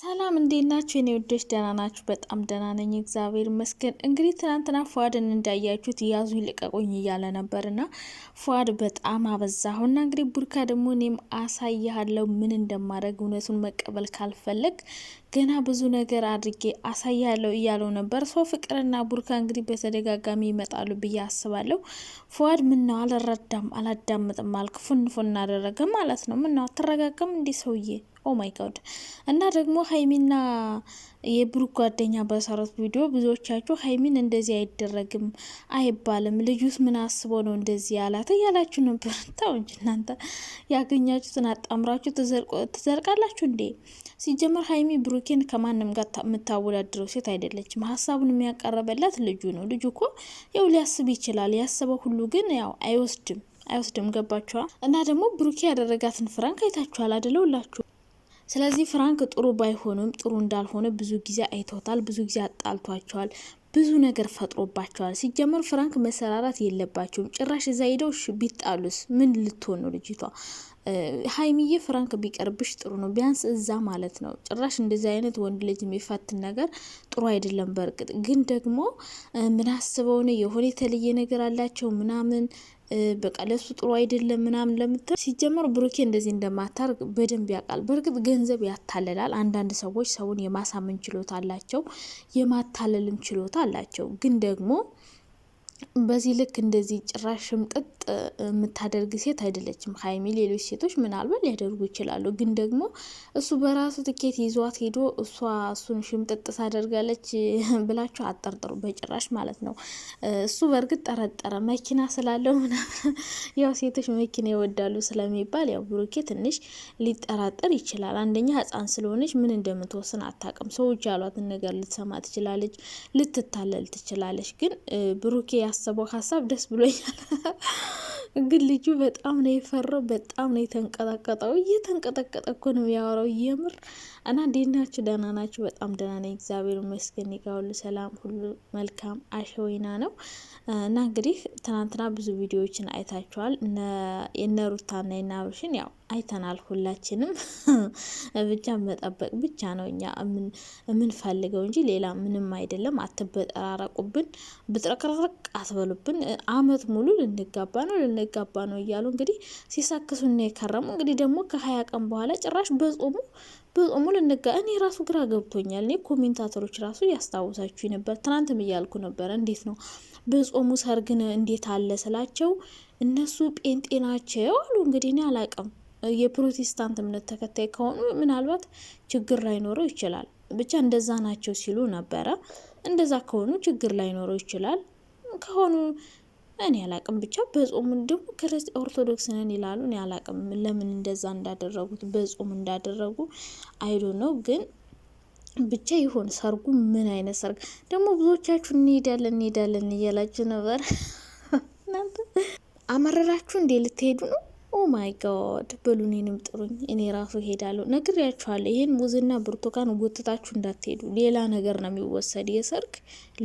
ሰላም እንዴት ናችሁ? የኔ ውዶች ደህና ናችሁ? በጣም ደህና ነኝ፣ እግዚአብሔር ይመስገን። እንግዲህ ትናንትና ፏድን እንዳያችሁት ያዙ ይልቀቁኝ እያለ ነበርና ፏድ በጣም አበዛሁና እንግዲህ ቡርካ ደግሞ እኔም አሳያለሁ ምን እንደማድረግ እውነቱን መቀበል ካልፈለግ ገና ብዙ ነገር አድርጌ አሳያለሁ እያለው ነበር። ሰው ፍቅርና ቡርካ እንግዲህ በተደጋጋሚ ይመጣሉ ብዬ አስባለሁ። ፉአድ ምነው አልረዳም አላዳምጥም አልክ፣ ፉንፉን አደረገ ማለት ነው። ምነው አትረጋጋም እንዲህ ሰውዬ ኦ ማይ ጋድ እና ደግሞ ሀይሚና የብሩክ ጓደኛ በሰሩት ቪዲዮ ብዙዎቻችሁ ሀይሚን እንደዚህ አይደረግም አይባልም፣ ልጁስ ምን አስቦ ነው እንደዚህ ያላት እያላችሁ ነበር። ታው እንጂ እናንተ ያገኛችሁትን አጣምራችሁ ትዘርቃላችሁ እንዴ? ሲጀመር ሀይሚ ብሩኬን ከማንም ጋር የምታወዳድረው ሴት አይደለችም። ሀሳቡን የሚያቀረበላት ልጁ ነው። ልጁ እኮ ያው ሊያስብ ይችላል። ያሰበው ሁሉ ግን ያው አይወስድም አይወስድም። ገባችኋ? እና ደግሞ ብሩኬ ያደረጋትን ፍራንክ አይታችኋል አይደለ? ሁላችሁ ስለዚህ ፍራንክ ጥሩ ባይሆንም ጥሩ እንዳልሆነ ብዙ ጊዜ አይተውታል። ብዙ ጊዜ አጣልቷቸዋል። ብዙ ነገር ፈጥሮባቸዋል። ሲጀመር ፍራንክ መሰራራት የለባቸውም። ጭራሽ እዛ ሄደው ቢጣሉስ ምን ልትሆን ነው ልጅቷ? ሀይሚዬ ፍራንክ ቢቀርብሽ ጥሩ ነው፣ ቢያንስ እዛ ማለት ነው። ጭራሽ እንደዚህ አይነት ወንድ ልጅ የሚፈትን ነገር ጥሩ አይደለም። በእርግጥ ግን ደግሞ ምናስበው ነው የሆነ የተለየ ነገር አላቸው ምናምን በቃ ለሱ ጥሩ አይደለም ምናምን ለምትል ሲጀመር ብሩኬ እንደዚህ እንደማታርግ በደንብ ያውቃል። በእርግጥ ገንዘብ ያታለላል። አንዳንድ ሰዎች ሰውን የማሳመን ችሎታ አላቸው፣ የማታለልም ችሎታ አላቸው። ግን ደግሞ በዚህ ልክ እንደዚህ ጭራሽ ሽምጥጥ የምታደርግ ሴት አይደለችም ሀይሚ። ሌሎች ሴቶች ምናልባት ሊያደርጉ ይችላሉ፣ ግን ደግሞ እሱ በራሱ ትኬት ይዟት ሄዶ እሷ እሱን ሽምጥጥ ሳደርጋለች ብላችሁ አጠርጥሩ በጭራሽ ማለት ነው። እሱ በእርግጥ ጠረጠረ መኪና ስላለው ምናምን። ያው ሴቶች መኪና ይወዳሉ ስለሚባል ያው ብሩኬ ትንሽ ሊጠራጠር ይችላል። አንደኛ ሕፃን ስለሆነች ምን እንደምትወስን አታውቅም። ሰዎች ያሏትን ነገር ልትሰማ ትችላለች፣ ልትታለል ትችላለች። ግን ብሩኬ ያሰበው ሀሳብ ደስ ብሎኛል። ግን ልጁ በጣም ነው የፈራው፣ በጣም ነው የተንቀጠቀጠው። እየተንቀጠቀጠ እኮ ነው የሚያወራው የምር። እና እንዴት ናችሁ? ደህና ናችሁ? በጣም ደህና ነኝ እግዚአብሔር ይመስገን። ጋ ሁሉ ሰላም፣ ሁሉ መልካም አሸወይና ነው። እና እንግዲህ ትናንትና ብዙ ቪዲዮዎችን አይታችኋል። የነ ሩታና የነ አብርሽን ያው አይተናል ሁላችንም። ብቻ መጠበቅ ብቻ ነው እኛ የምንፈልገው እንጂ ሌላ ምንም አይደለም። አትበጠራረቁብን፣ ብጥረቅረቅ አትበሉብን። አመት ሙሉ ልንጋባ ነው ልንጋባ ነው እያሉ እንግዲህ ሲሳክሱ እና የከረሙ እንግዲህ ደግሞ ከሀያ ቀን በኋላ ጭራሽ በጾሙ በጾሙ ልንጋ እኔ ራሱ ግራ ገብቶኛል። እኔ ኮሜንታተሮች ራሱ ያስታውሳችሁ ነበር፣ ትናንትም እያልኩ ነበረ። እንዴት ነው በጾሙ ሰርግን እንዴት አለ ስላቸው እነሱ ጴንጤ ናቸው አሉ። እንግዲህ እኔ አላቅም የፕሮቴስታንት እምነት ተከታይ ከሆኑ ምናልባት ችግር ላይኖረው ይችላል። ብቻ እንደዛ ናቸው ሲሉ ነበረ። እንደዛ ከሆኑ ችግር ላይኖረው ይችላል። ከሆኑ እኔ አላቅም ብቻ በጾም ደግሞ ክርስቲ ኦርቶዶክስ ነን ይላሉ። እኔ አላቅም ለምን እንደዛ እንዳደረጉት በጾም እንዳደረጉ አይዶ ነው ግን ብቻ ይሆን ሰርጉ ምን አይነት ሰርግ ደግሞ ብዙዎቻችሁ እንሄዳለን እንሄዳለን እያላችሁ ነበር። እናንተ አመረራችሁ እንዴ? ልትሄዱ ነው? ኦ ማይ ጋድ በሉ እኔንም ጥሩኝ፣ እኔ ራሱ ሄዳለሁ። ነግሬያችኋለሁ፣ ይህን ሙዝና ብርቱካን ጎትታችሁ እንዳትሄዱ። ሌላ ነገር ነው የሚወሰድ፣ የሰርግ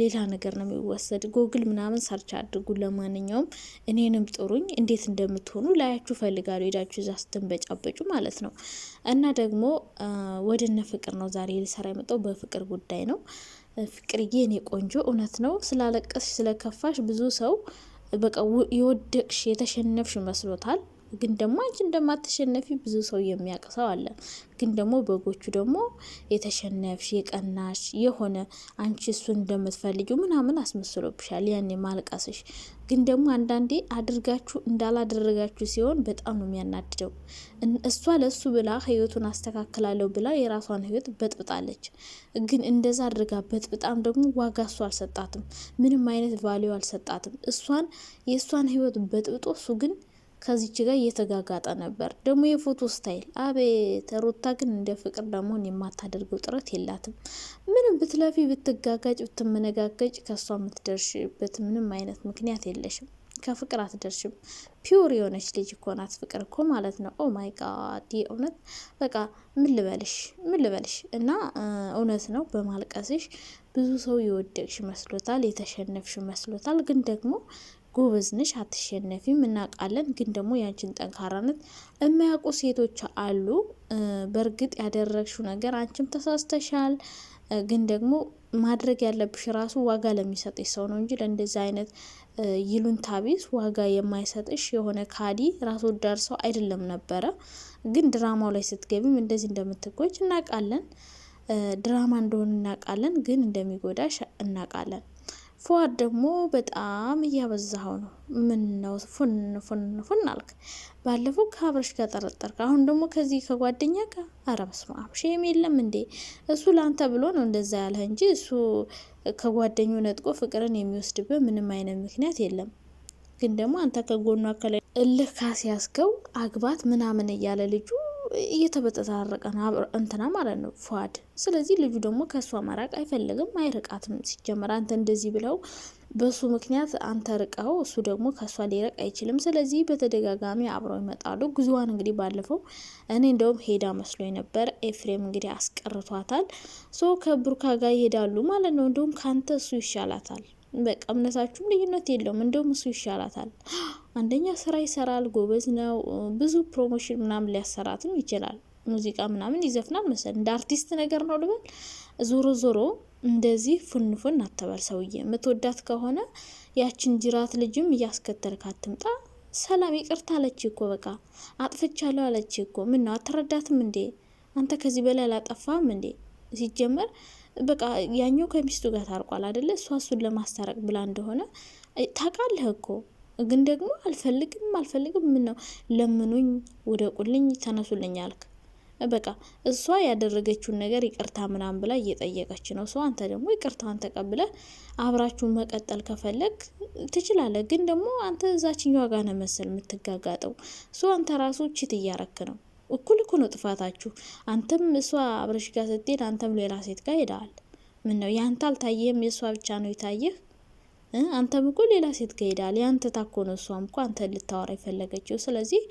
ሌላ ነገር ነው የሚወሰድ። ጎግል ምናምን ሰርች አድርጉ። ለማንኛውም እኔንም ጥሩኝ፣ እንዴት እንደምትሆኑ ላያችሁ ፈልጋሉ። ሄዳችሁ እዛ ስትንበጫበጩ ማለት ነው። እና ደግሞ ወደነ ፍቅር ነው ዛሬ ልሰራ የመጣው በፍቅር ጉዳይ ነው። ፍቅርዬ፣ እኔ ቆንጆ፣ እውነት ነው ስላለቀስሽ ስለከፋሽ ብዙ ሰው በቃ የወደቅሽ የተሸነፍሽ መስሎታል። ግን ደግሞ አንቺ እንደማትሸነፊ ብዙ ሰው የሚያውቅ ሰው አለ። ግን ደግሞ በጎቹ ደግሞ የተሸነፍሽ የቀናሽ የሆነ አንቺ እሱን እንደምትፈልጊው ምናምን አስመስሎብሻል። ያኔ ማልቀስሽ ግን ደግሞ አንዳንዴ አድርጋችሁ እንዳላደረጋችሁ ሲሆን በጣም ነው የሚያናድደው። እሷ ለእሱ ብላ ህይወቱን አስተካክላለሁ ብላ የራሷን ህይወት በጥብጣለች። ግን እንደዛ አድርጋ በጥብጣም ደግሞ ዋጋ እሱ አልሰጣትም፣ ምንም አይነት ቫሊዩ አልሰጣትም። እሷን የእሷን ህይወት በጥብጦ እሱ ግን ከዚች ጋር እየተጋጋጠ ነበር። ደግሞ የፎቶ ስታይል አቤት! ሩታ ግን እንደ ፍቅር ለመሆን የማታደርገው ጥረት የላትም። ምንም ብትለፊ፣ ብትጋጋጭ፣ ብትመነጋገጭ ከእሷ የምትደርሽበት ምንም አይነት ምክንያት የለሽም። ከፍቅር አትደርሽም። ፒውር የሆነች ልጅ እኮ ናት ፍቅር እኮ ማለት ነው። ኦ ማይ ጋድ! የእውነት በቃ ምን ልበልሽ ምን ልበልሽ። እና እውነት ነው በማልቀስሽ ብዙ ሰው የወደቅሽ መስሎታል፣ የተሸነፍሽ መስሎታል። ግን ደግሞ ጎበዝ ነሽ፣ አትሸነፊም፣ እናውቃለን። ግን ደግሞ ያንቺን ጠንካራነት የሚያውቁ ሴቶች አሉ። በእርግጥ ያደረግሽው ነገር አንቺም ተሳስተሻል። ግን ደግሞ ማድረግ ያለብሽ ራሱ ዋጋ ለሚሰጥሽ ሰው ነው እንጂ ለእንደዚህ አይነት ይሉኝታ ቢስ ዋጋ የማይሰጥሽ የሆነ ካዲ ራስ ወዳድ ሰው አይደለም ነበረ። ግን ድራማው ላይ ስትገቢም እንደዚህ እንደምትጎጅ እናውቃለን። ድራማ እንደሆነ እናውቃለን። ግን እንደሚጎዳሽ እናውቃለን። ፉአድ ደግሞ በጣም እያበዛኸው ነው። ምን ነው ፉን ፉን ፉን አልክ? ባለፈው ከአብረሽ ጋር ጠረጠርክ፣ አሁን ደግሞ ከዚህ ከጓደኛ ጋር። አረ በስመ አብ ሼም የለም እንዴ? እሱ ለአንተ ብሎ ነው እንደዛ ያለህ እንጂ እሱ ከጓደኙ ነጥቆ ፍቅርን የሚወስድበት ምንም አይነት ምክንያት የለም። ግን ደግሞ አንተ ከጎኗ ከላይ እልህ ካስያዝከው አግባት ምናምን እያለ ልጁ እየተበጠታረቀ እንትና ማለት ነው ፏድ። ስለዚህ ልጁ ደግሞ ከእሷ መራቅ አይፈልግም፣ አይርቃትም። ሲጀመር አንተ እንደዚህ ብለው በሱ ምክንያት አንተ ርቀው እሱ ደግሞ ከእሷ ሊረቅ አይችልም። ስለዚህ በተደጋጋሚ አብረው ይመጣሉ። ጉዞዋን እንግዲህ ባለፈው እኔ እንደውም ሄዳ መስሎ ነበር። ኤፍሬም እንግዲህ አስቀርቷታል። ሶ ጋር ይሄዳሉ ማለት ነው። እንደውም ከአንተ እሱ ይሻላታል በቃ እምነታችሁም ልዩነት የለውም። እንደውም እሱ ይሻላታል። አንደኛ ስራ ይሰራል፣ ጎበዝ ነው። ብዙ ፕሮሞሽን ምናምን ሊያሰራትም ይችላል። ሙዚቃ ምናምን ይዘፍናል መሰል እንደ አርቲስት ነገር ነው ልበል። ዞሮ ዞሮ እንደዚህ ፍንፍን አተባል ሰውዬ። የምትወዳት ከሆነ ያችን ጅራት ልጅም እያስከተልክ አትምጣ። ሰላም ይቅርታ አለች እኮ በቃ አጥፍቻለሁ አለች እኮ። ምን ነው አትረዳትም እንዴ አንተ? ከዚህ በላይ አላጠፋም እንዴ ሲጀመር በቃ ያኛው ከሚስቱ ጋር ታርቋል አደለ? እሷ እሱን ለማስታረቅ ብላ እንደሆነ ታውቃለህ እኮ ግን ደግሞ አልፈልግም አልፈልግም፣ ምን ነው ለምኑኝ፣ ውደቁልኝ፣ ተነሱልኝ አልክ። በቃ እሷ ያደረገችውን ነገር ይቅርታ ምናምን ብላ እየጠየቀች ነው ሰው። አንተ ደግሞ ይቅርታን ተቀብለ አብራችሁን መቀጠል ከፈለግ ትችላለህ። ግን ደግሞ አንተ እዛችኛ ጋር ነው መሰል የምትጋጋጠው። ሰው አንተ ራሱ ችት እያረክ ነው። እኩል እኮ ነው ጥፋታችሁ። አንተም እሷ አብረሽ ጋር ስትሄድ አንተም ሌላ ሴት ጋር ሄደዋል። ምን ነው ያንተ አልታየህም? የእሷ ብቻ ነው የታየህ። አንተም እኮ ሌላ ሴት ጋር ሄደዋል። ያንተ ታኮ ነው እሷም እኮ አንተ ልታወራ የፈለገችው። ስለዚህ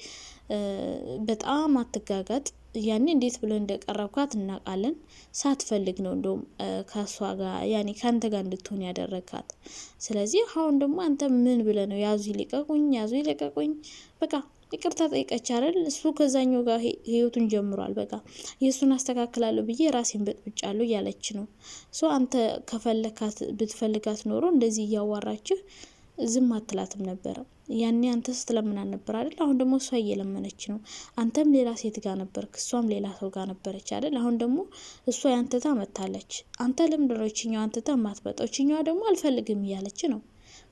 በጣም አትጋጋጥ። ያኔ እንዴት ብለን እንደቀረብካት እናውቃለን። ሳትፈልግ ነው እንደውም ከእሷ ጋር ያኔ ከአንተ ጋር እንድትሆን ያደረግካት። ስለዚህ አሁን ደግሞ አንተ ምን ብለህ ነው ያዙ ይልቀቁኝ፣ ያዙ ይልቀቁኝ በቃ ይቅርታ ጠይቀች አይደል? እሱ ከዛኛው ጋር ህይወቱን ጀምሯል። በቃ የእሱን አስተካክላለሁ ብዬ ራሴን በጥብጫለሁ እያለች ነው። ሶ አንተ ከፈለካት ብትፈልጋት ኖሮ እንደዚህ እያዋራችህ ዝም አትላትም ነበረ። ያኔ አንተ ስትለምና ነበር አይደል? አሁን ደግሞ እሷ እየለመነች ነው። አንተም ሌላ ሴት ጋር ነበርክ፣ እሷም ሌላ ሰው ጋር ነበረች አይደል? አሁን ደግሞ እሷ ያንተታ መታለች። አንተ ለምንድነው አንተታ ማትመጣው? ችኛዋ ደግሞ አልፈልግም እያለች ነው።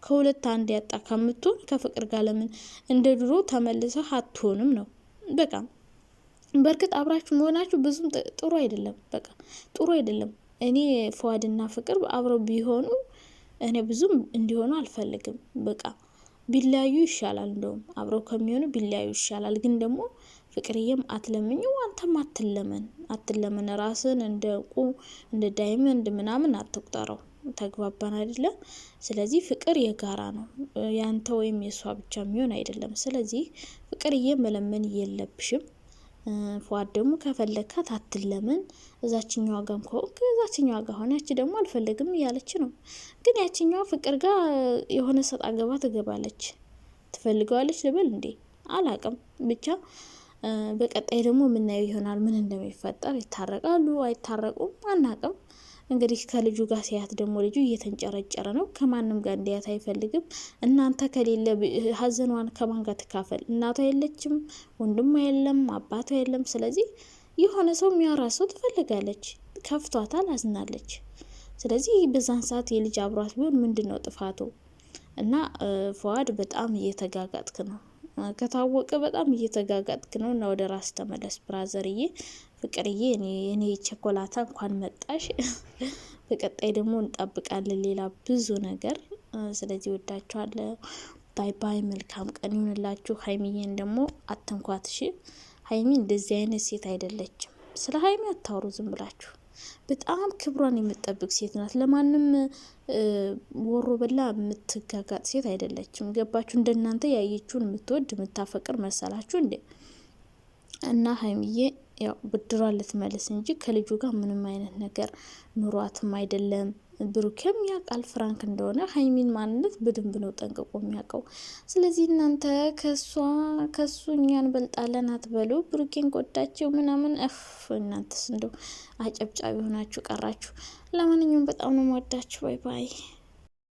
ከሁለት አንድ ያጣ ከምትሆን ከፍቅር ጋር ለምን እንደ ድሮ ተመልሰህ አትሆንም ነው በቃ በእርግጥ አብራችሁ መሆናችሁ ብዙም ጥሩ አይደለም። በቃ ጥሩ አይደለም። እኔ ፈዋድና ፍቅር አብረው ቢሆኑ እኔ ብዙም እንዲሆኑ አልፈልግም። በቃ ቢለያዩ ይሻላል። እንደውም አብረው ከሚሆኑ ቢለያዩ ይሻላል። ግን ደግሞ ፍቅርዬም አትለምኝ አንተም አትለመን አትለመን። ራስን እንደ ቁ እንደ ዳይመንድ ምናምን አትቁጠረው። ተግባባን አይደለም። ስለዚህ ፍቅር የጋራ ነው፣ ያንተ ወይም የእሷ ብቻ የሚሆን አይደለም። ስለዚህ ፍቅርዬ መለመን የለብሽም። ፏድ ደግሞ ከፈለግካት አትለምን። እዛችኛዋ ጋም ከሆንክ እዛችኛዋ ጋ ሆነ። ያቺ ደግሞ አልፈልግም እያለች ነው። ግን ያችኛዋ ፍቅር ጋር የሆነ ሰጥ አገባ ትገባለች። ትፈልገዋለች ልበል እንዴ? አላቅም ብቻ በቀጣይ ደግሞ የምናየው ይሆናል ምን እንደሚፈጠር። ይታረቃሉ አይታረቁም አናቅም። እንግዲህ ከልጁ ጋር ሲያት ደግሞ ልጁ እየተንጨረጨረ ነው። ከማንም ጋር እንዲያት አይፈልግም። እናንተ ከሌለ ሀዘኗን ከማን ጋር ትካፈል? እናቷ የለችም፣ ወንድሟ የለም፣ አባቷ የለም። ስለዚህ የሆነ ሰው የሚያወራ ሰው ትፈልጋለች። ከፍቷታል፣ አዝናለች። ስለዚህ በዛን ሰዓት የልጅ አብሯት ቢሆን ምንድን ነው ጥፋቱ? እና ፈዋድ በጣም እየተጋጋጥክ ነው። ከታወቀ በጣም እየተጋጋጥክ ነው። እና ወደ ራስ ተመለስ ብራዘርዬ። ፍቅርዬ እኔ ቸኮላታ እንኳን መጣሽ። በቀጣይ ደግሞ እንጠብቃለን ሌላ ብዙ ነገር። ስለዚህ ወዳችኋለሁ። ባይ ባይ። መልካም ቀን ይሆንላችሁ። ሀይሚዬን ደግሞ አተንኳትሽ። ሀይሚ እንደዚህ አይነት ሴት አይደለችም። ስለ ሀይሚ አታውሩ ዝም ብላችሁ። በጣም ክብሯን የምትጠብቅ ሴት ናት። ለማንም ወሮ በላ የምትጋጋጥ ሴት አይደለችም። ገባችሁ? እንደናንተ ያየችውን የምትወድ የምታፈቅር መሰላችሁ እንዴ? እና ሀይሚዬ ያው ብድሯን ልትመልስ እንጂ ከልጁ ጋር ምንም አይነት ነገር ኑሯትም አይደለም። ብሩኬም ያውቃል ፍራንክ እንደሆነ ሀይሚን ማንነት በደንብ ነው ጠንቅቆ የሚያውቀው። ስለዚህ እናንተ ከሷ ከሱ እኛ እንበልጣለን አትበሉ። ብሩኬን ጎዳቸው ምናምን እፍ እናንተስ እንደው አጨብጫቢ ሆናችሁ ቀራችሁ። ለማንኛውም በጣም ነው የምወዳችሁ። ባይ ባይ።